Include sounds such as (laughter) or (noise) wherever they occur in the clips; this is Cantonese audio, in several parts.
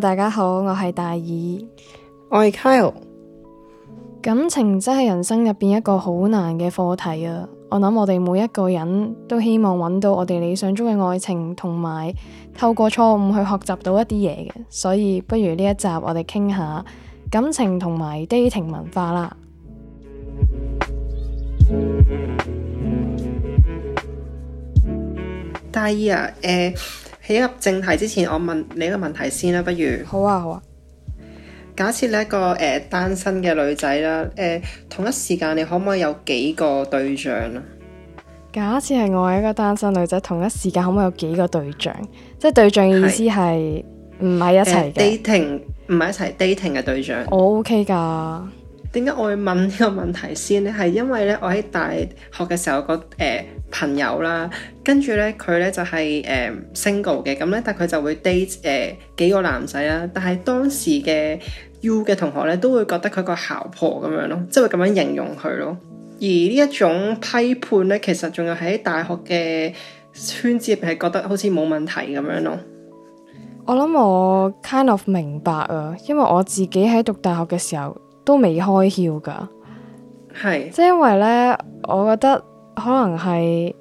大家好，我係大耳，我係 Kyle。感情真係人生入邊一個好難嘅課題啊！我諗我哋每一個人都希望揾到我哋理想中嘅愛情，同埋透過錯誤去學習到一啲嘢嘅，所以不如呢一集我哋傾下感情同埋 dating 文化啦。大耳啊，呃喺入正題之前，我問你一個問題先啦，不如？好啊，好啊。假設你一個誒、呃、單身嘅女仔啦，誒、呃、同一時間你可唔可以有幾個對象啦？假設係我係一個單身女仔，同一時間可唔可以有幾個對象？即係對象意思係唔係一齊、呃、dating，唔係一齊 dating 嘅對象。我 OK 噶。點解我會問呢個問題先呢？係因為呢，我喺大學嘅時候覺、那、誒、個。呃朋友啦，跟住呢，佢呢就係誒 single 嘅，咁呢，就是 um, 但佢就會 date 誒、uh, 幾個男仔啦，但係當時嘅 U 嘅同學呢，都會覺得佢個姣婆咁樣咯，即係咁樣形容佢咯。而呢一種批判呢，其實仲有喺大學嘅圈子入邊係覺得好似冇問題咁樣咯。我諗我 kind of 明白啊，因為我自己喺讀大學嘅時候都未開竅噶，係是，即係因為呢，我覺得。可能係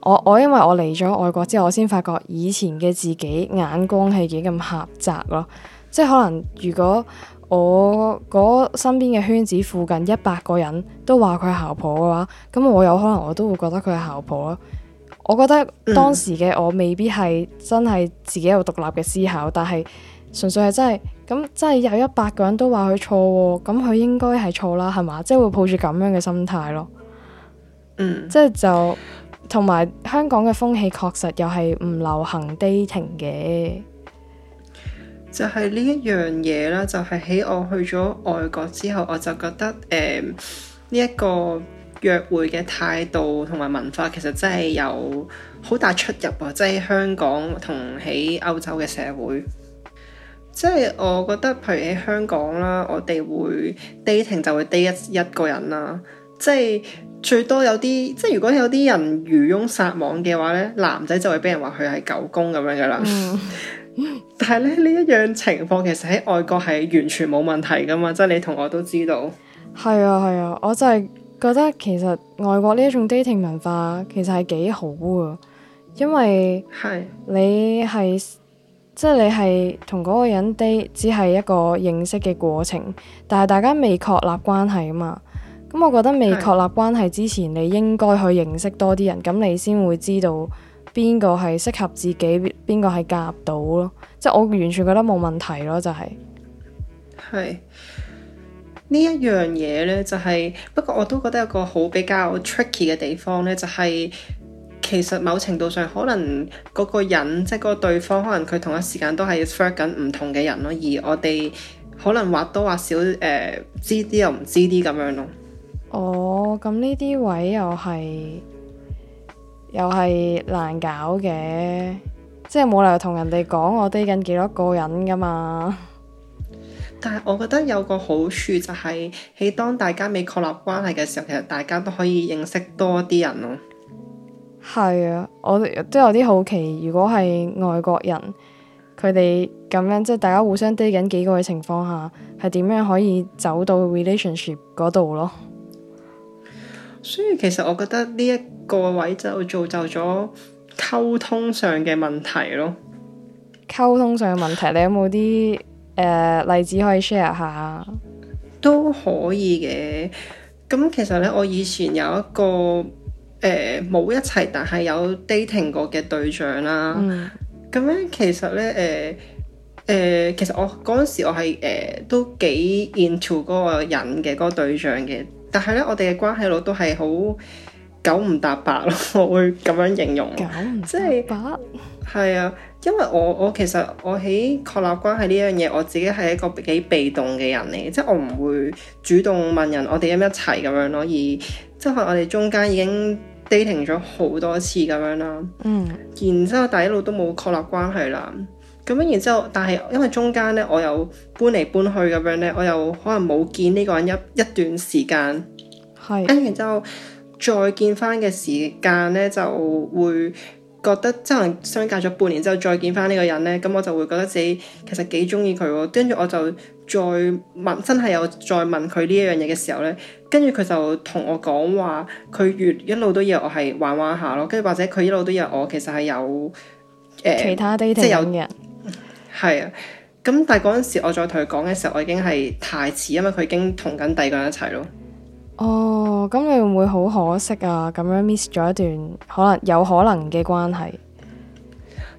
我我，我因為我嚟咗外國之後，我先發覺以前嘅自己眼光係幾咁狹窄咯即係可能，如果我嗰身邊嘅圈子附近一百個人都話佢係姣婆嘅話，咁我有可能我都會覺得佢係姣婆咯。我覺得當時嘅我未必係真係自己有獨立嘅思考，但係純粹係真係咁，真係有一百個人都話佢錯，咁佢應該係錯啦，係嘛？即係會抱住咁樣嘅心態咯。嗯、即係就同埋香港嘅風氣確實又係唔流行 dating 嘅，就係呢一樣嘢啦。就係、是、喺我去咗外國之後，我就覺得誒呢一個約會嘅態度同埋文化，其實真係有好大出入啊！即、就、係、是、香港同喺歐洲嘅社會，即、就、係、是、我覺得譬如喺香港啦，我哋會 dating 就會 dating 一個人啦。即係最多有啲，即係如果有啲人漁翁撒網嘅話咧，男仔就會俾人話佢係狗公咁樣噶啦。嗯、 (laughs) 但係咧呢一樣情況其實喺外國係完全冇問題噶嘛，即係你同我都知道。係啊係啊，我就係覺得其實外國呢一種 dating 文化其實係幾好啊，因為係你係是即係你係同嗰個人 date 只係一個認識嘅過程，但係大家未確立關係啊嘛。咁、嗯，我覺得未確立關係之前，是你應該去認識多啲人，咁你先會知道邊個係適合自己，邊個係夾到咯。即係我完全覺得冇問題咯，就係係呢一樣嘢呢，就係、是、不過我都覺得有個好比較 tricky 嘅地方呢，就係、是、其實某程度上可能嗰個人即係嗰個對方，可能佢同一時間都係 friend 緊唔同嘅人咯，而我哋可能或多或少，誒、呃、知啲又唔知啲咁樣咯。我咁呢啲位又係又係難搞嘅，即係冇理由同人哋講我 date 緊幾多個人噶嘛？但係我覺得有個好處就係、是、喺當大家未確立關係嘅時候，其實大家都可以認識多啲人咯。係啊，我都有啲好奇，如果係外國人，佢哋咁樣即係大家互相 date 緊幾個嘅情況下，係點樣可以走到 relationship 嗰度咯？所以其實我覺得呢一個位就造就咗溝通上嘅問題咯。溝通上嘅問題，你有冇啲誒例子可以 share 下？都可以嘅。咁其實咧，我以前有一個誒冇、呃、一齊，但係有 dating 過嘅對象啦。咁咧、嗯，其實咧，誒、呃、誒、呃，其實我嗰陣時我係誒、呃、都幾 into 嗰個人嘅嗰、嗰個對象嘅。但係咧，我哋嘅關係佬都係好九唔搭八咯， (laughs) 我會咁樣形容，九唔搭八？即係，係、就是、啊，因為我我其實我喺確立關係呢樣嘢，我自己係一個幾被動嘅人嚟，即、就、係、是、我唔會主動問人我哋有冇一齊咁樣咯，而即係我哋中間已經 dating 咗好多次咁樣啦，嗯，然之後但係一路都冇確立關係啦。咁樣然之後，但係因為中間咧，我又搬嚟搬去咁樣咧，我又可能冇見呢個人一一段時間。係是。跟然之後再見翻嘅時間咧，就會覺得即係相隔咗半年之後再見翻呢個人咧，咁我就會覺得自己其實幾中意佢喎。跟住我就再問，真係有再問佢呢一樣嘢嘅時候咧，跟住佢就同我講話，佢越一路都以為我係玩玩下咯，跟住或者佢一路都以為我其實係有誒，呃、其他 dating 即係有係啊，咁但係嗰陣時我再同佢講嘅時候，我已經係太遲，因為佢已經同緊第二個人一齊咯。哦，咁你會唔會好可惜啊？咁樣 miss 咗一段可能有可能嘅關係。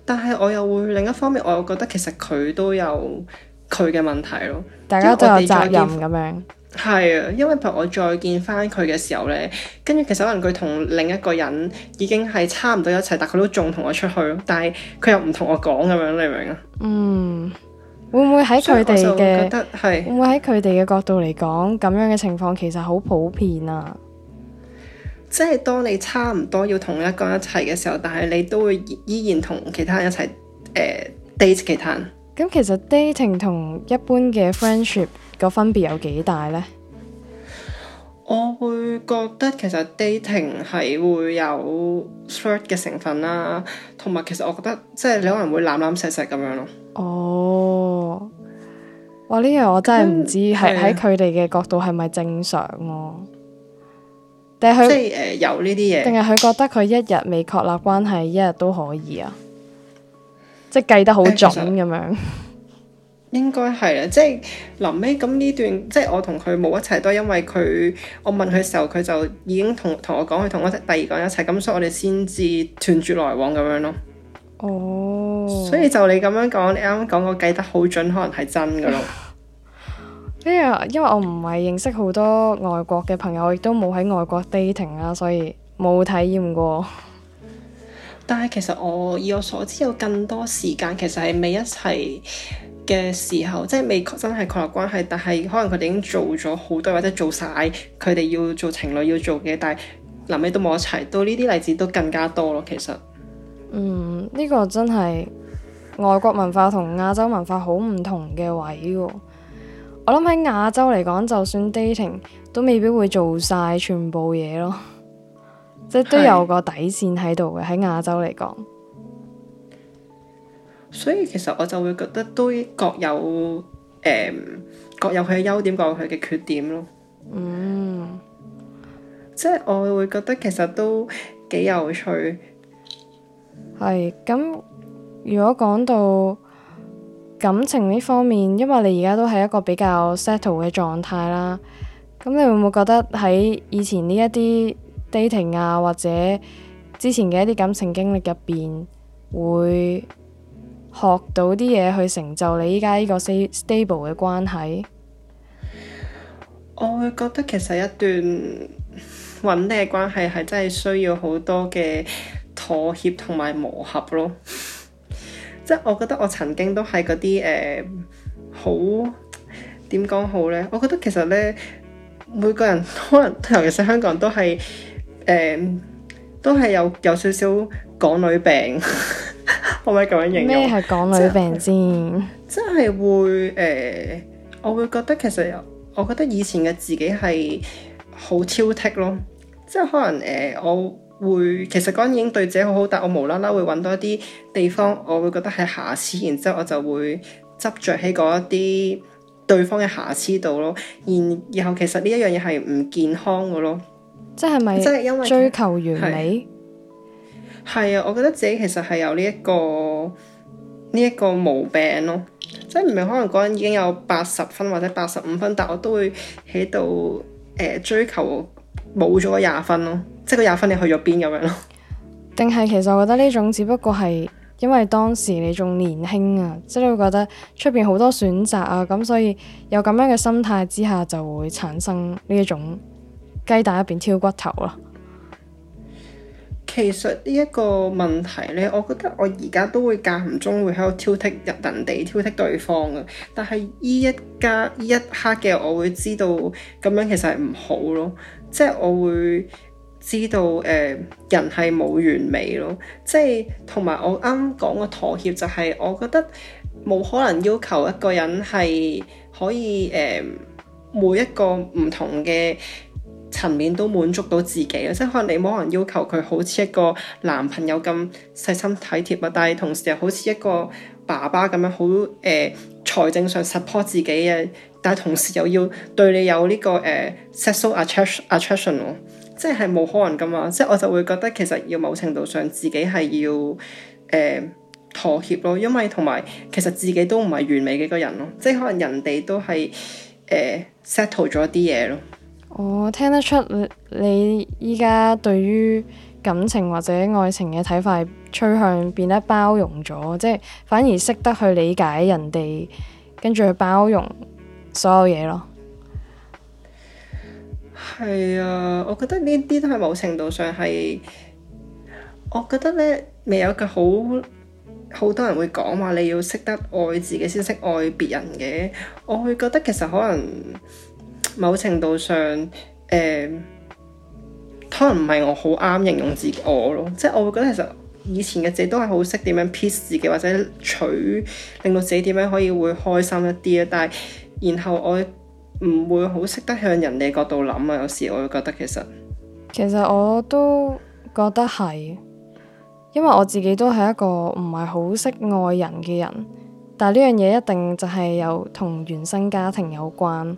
但係我又會另一方面，我又覺得其實佢都有佢嘅問題咯。大家都有責任咁樣。係啊，因為譬如我再見翻佢嘅時候咧，跟住其實可能佢同另一個人已經係差唔多一齊，但佢都仲同我出去，但係佢又唔同我講咁樣，你明唔明啊？嗯，會唔會喺佢哋嘅？覺得會唔會喺佢哋嘅角度嚟講，咁樣嘅情況其實好普遍啊！即係當你差唔多要同一個人一齊嘅時候，但係你都會依然同其他人一齊誒、呃、date 其他人。咁其實 dating 同一般嘅 friendship。個分別有幾大呢？我會覺得其實 dating 係會 (noise) 有 shirt 嘅成分啦，同埋其實我覺得即係兩個人會攬攬錫錫咁樣咯。哦，oh, 哇！呢樣我真係唔知，係喺佢哋嘅角度係咪正常咯？定係佢即係有呢啲嘢？定係佢覺得佢一日未確立關係，一日都可以啊？即係計得好準咁樣。應該係啦，即係臨尾咁呢段，即係我同佢冇一齊都係因為佢，我問佢嘅時候，佢就已經同同我講佢同我第二個人一齊，咁所以我哋先至斷絕來往咁樣咯。哦，oh。所以就你咁樣講，你啱啱講我計得好準，可能係真噶咯。Yeah, 因為我唔係認識好多外國嘅朋友，亦都冇喺外國 dating 啊，所以冇體驗過。 (laughs) 但係其實我以我所知，有更多時間其實係未一齊。嘅時候，即係未確真係確立關係，但係可能佢哋已經做咗好多，或者做晒佢哋要做情侶要做嘅，但係臨尾都冇一齊，到呢啲例子都更加多咯。其實，嗯，呢個真係外國文化同亞洲文化好唔同嘅位喎。我諗喺亞洲嚟講，就算 dating 都未必會做晒全部嘢咯，即係都有個底線喺度嘅。喺是亞洲嚟講。所以其實我就會覺得都各有、um, 各有佢嘅優點，各有佢嘅缺點咯。嗯，即係我會覺得其實都幾有趣。係咁，如果講到感情呢方面，因為你而家都係一個比較 settle 嘅狀態啦。咁你會唔會覺得喺以前呢一啲 dating 啊，或者之前嘅一啲感情經歷入邊會學到啲嘢去成就你依家呢個 stable 嘅關係，我會覺得其實一段穩定嘅關係係真係需要好多嘅妥協同埋磨合咯。即 (laughs) 係我覺得我曾經都係嗰啲誒，好，點講好呢？我覺得其實呢，每個人可能尤其是香港人都係誒，都係、呃、有有少少港女病。 (laughs) 可唔可以咁樣形容咩係港女病先？ (noise) 真係會誒、欸，我會覺得其實我覺得以前嘅自己係好挑剔咯，即係可能誒、欸，我會其實嗰人已經對自己好好，但我無啦啦會搵到一啲地方，我會覺得係瑕疵，然之後我就會執着喺嗰一啲對方嘅瑕疵度咯，然後然後其實呢一樣嘢係唔健康嘅咯，即係咪即係因為追求完美？ (noise) 係啊，我覺得自己其實係有呢、呢、一個呢一、呢個毛病咯，即係唔係可能嗰陣已經有八十分或者八十五分，但我都會喺度誒追求冇咗廿分咯，即係嗰廿分你去咗邊咁樣咯？定係其實我覺得呢種只不過係因為當時你仲年輕啊，即、就是、你會覺得出邊好多選擇啊，咁所以有咁樣嘅心態之下就會產生呢一種雞蛋入邊挑骨頭咯、啊。其實呢一個問題呢，我覺得我而家都會間唔中會喺度挑剔人，人哋挑剔對方嘅。但係呢一家呢一刻嘅，我會知道咁樣其實係唔好咯。即係我會知道誒、呃、人係冇完美咯。即係同埋我啱啱講個妥協、就是，就係我覺得冇可能要求一個人係可以誒、呃、每一個唔同嘅層面都滿足到自己咯，即係可能你冇可能要求佢好似一個男朋友咁細心體貼啊，但係同時又好似一個爸爸咁樣好誒、呃、財政上 support 自己嘅，但係同時又要對你有呢、呢個誒、呃、sexual attraction，attraction，即係冇可能噶嘛，即係我就會覺得其實要某程度上自己係要、呃、妥協咯，因為同埋其實自己都唔係完美嘅一個人咯，即係可能人哋都係 settle 咗啲嘢咯。我聽得出你依家對於感情或者愛情嘅睇法，趨向變得包容咗，即係反而識得去理解人哋，跟住去包容所有嘢咯。係啊，我覺得呢啲都係某程度上係，我覺得呢，未有一個好好多人會講話你要識得愛自己先識愛別人嘅，我會覺得其實可能。某程度上，誒、欸，可能唔係我好啱形容自己我咯。即係我會覺得其實以前嘅自己都係好識點樣 piece 自己，或者取令到自己點樣可以會開心一啲啊。但係，然後我唔會好識得向人哋角度諗啊。有時我會覺得其實，其實我都覺得係因為我自己都係一個唔係好識愛人嘅人，但係呢樣嘢一定就係有同原生家庭有關。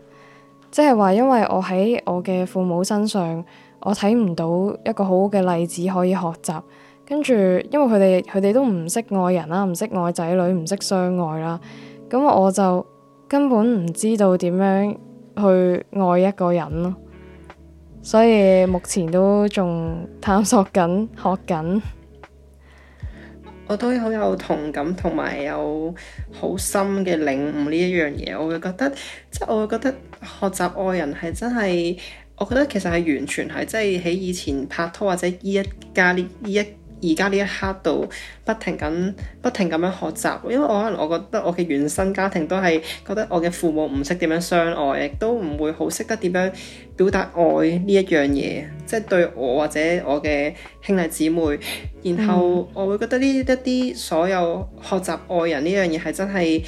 即係話，因為我喺我嘅父母身上，我睇唔到一個好好嘅例子可以學習。跟住，因為佢哋佢哋都唔識愛人啦，唔識愛仔女，唔識相愛啦。咁我就根本唔知道點樣去愛一個人咯。所以目前都仲探索緊，學緊。我都好有同感，同埋有好深嘅領悟呢一樣嘢。我會覺得，即係我會覺得學習愛人係真係，我覺得其實係完全係，即係喺以前拍拖，或者依一家呢依一。而家呢一刻度不停咁不停咁樣學習，因為我可能我覺得我嘅原生家庭都係覺得我嘅父母唔識點樣相愛，亦都唔會好識得點樣表達愛呢一樣嘢，即係對我或者我嘅兄弟姊妹。然後我會覺得呢一啲所有學習愛人呢樣嘢係真係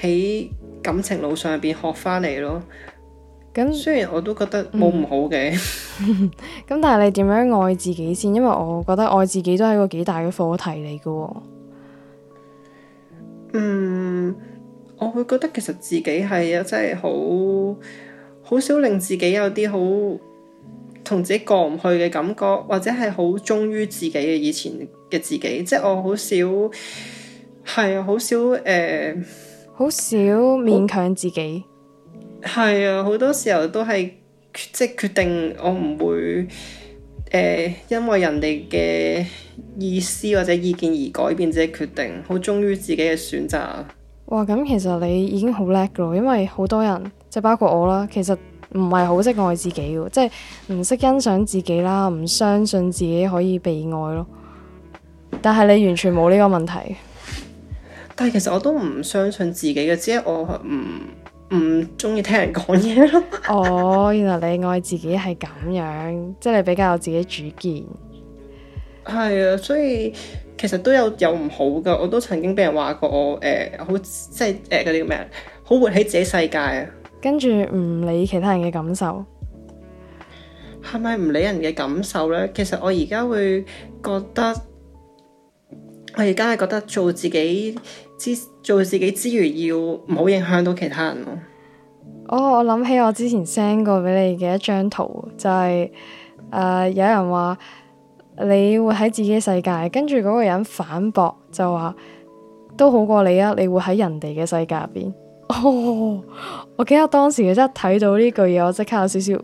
喺感情路上入邊學翻嚟咯。咁、嗯、雖然我都覺得冇唔好嘅，咁 (laughs) 但係你點樣愛自己先？因為我覺得愛自己都係個幾大嘅課題嚟嘅、哦。嗯，我會覺得其實自己係啊，真係好好少令自己有啲好同自己過唔去嘅感覺，或者係好忠於自己嘅以前嘅自己。即係我好少係啊，好少誒，好、呃、少勉強自己。係啊，好多時候都係即係決定我，我唔會誒，因為人哋嘅意思或者意見而改變自己決定，好忠於自己嘅選擇。哇，咁其實你已經好叻噶咯，因為好多人就包括我啦，其實唔係好識愛自己嘅，即係唔識欣賞自己啦，唔相信自己可以被愛咯。但係你完全冇呢個問題。但係其實我都唔相信自己嘅，只係我唔。嗯唔中意聽人講嘢咯。哦，原來你愛自己係咁樣，即係 (laughs) 你比較有自己主見。係啊，所以其實都有有唔好噶。我都曾經俾人話過我誒、呃，好即係誒嗰啲咩，好活喺自己世界啊，跟住唔理其他人嘅感受。係咪唔理人嘅感受呢？其實我而家會覺得。我而家係覺得做自己之做自己之餘，要唔好影響到其他人咯。哦，我諗起我之前 send 過俾你嘅一張圖，就係、是、誒、呃、有人話你會喺自己世界，跟住嗰個人反駁就話都好過你啊！你會喺人哋嘅世界入邊。哦，我記得當時嘅真係睇到呢句嘢，我即刻有少少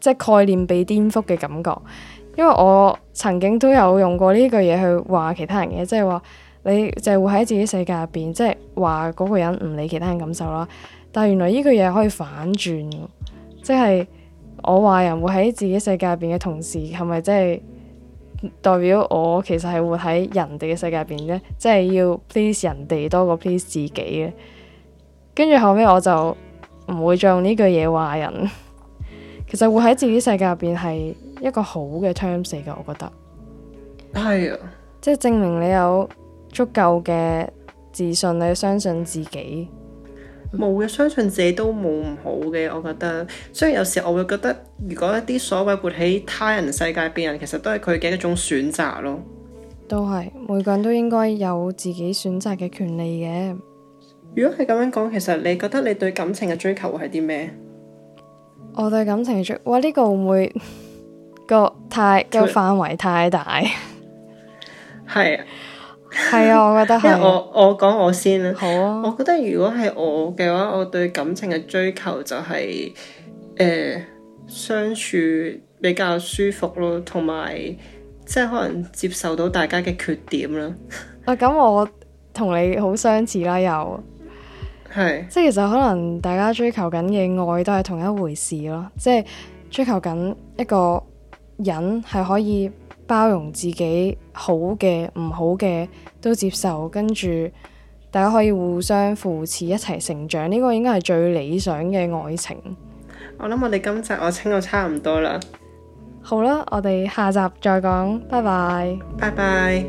即係概念被顛覆嘅感覺。因為我曾經都有用過呢句嘢去話其他人嘅，即係話你就係會喺自己世界入邊，即係話嗰個人唔理其他人感受啦。但係原來呢句嘢可以反轉，即係我話人會喺自己世界入邊嘅同時，係咪即係代表我其實係會喺人哋嘅世界入邊咧？即係要 please 人哋多過 please 自己嘅。跟住後尾我就唔會再用呢句嘢話人。其實會喺自己世界入邊係一個好嘅 terms 嘅，我覺得係啊，哎、呀即係證明你有足夠嘅自信，你相信自己冇嘅，相信自己都冇唔好嘅，我覺得。雖然有時我會覺得，如果一啲所謂活喺他人世界人，別人其實都係佢嘅一種選擇咯。都係，每個人都應該有自己選擇嘅權利嘅。如果係咁樣講，其實你覺得你對感情嘅追求係啲咩？我對感情嘅追，哇！呢、這個會唔會？ (laughs) 個太個範圍太大，係係啊， (laughs) 我覺得係。因為我我講我先啦，好啊。我覺得如果係我嘅話，我對感情嘅追求就係、是、誒、呃、相處比較舒服咯，同埋即係可能接受到大家嘅缺點咯。 (laughs) 啊，咁我同你好相似啦，又係是即係，其實可能大家追求緊嘅愛都係同一回事咯，即係追求緊一個。人係可以包容自己好嘅、唔好嘅都接受，跟住大家可以互相扶持一齊成長，呢個應該係最理想嘅愛情。我諗我哋今集我傾到差唔多啦，好啦，我哋下集再講，拜拜，拜拜。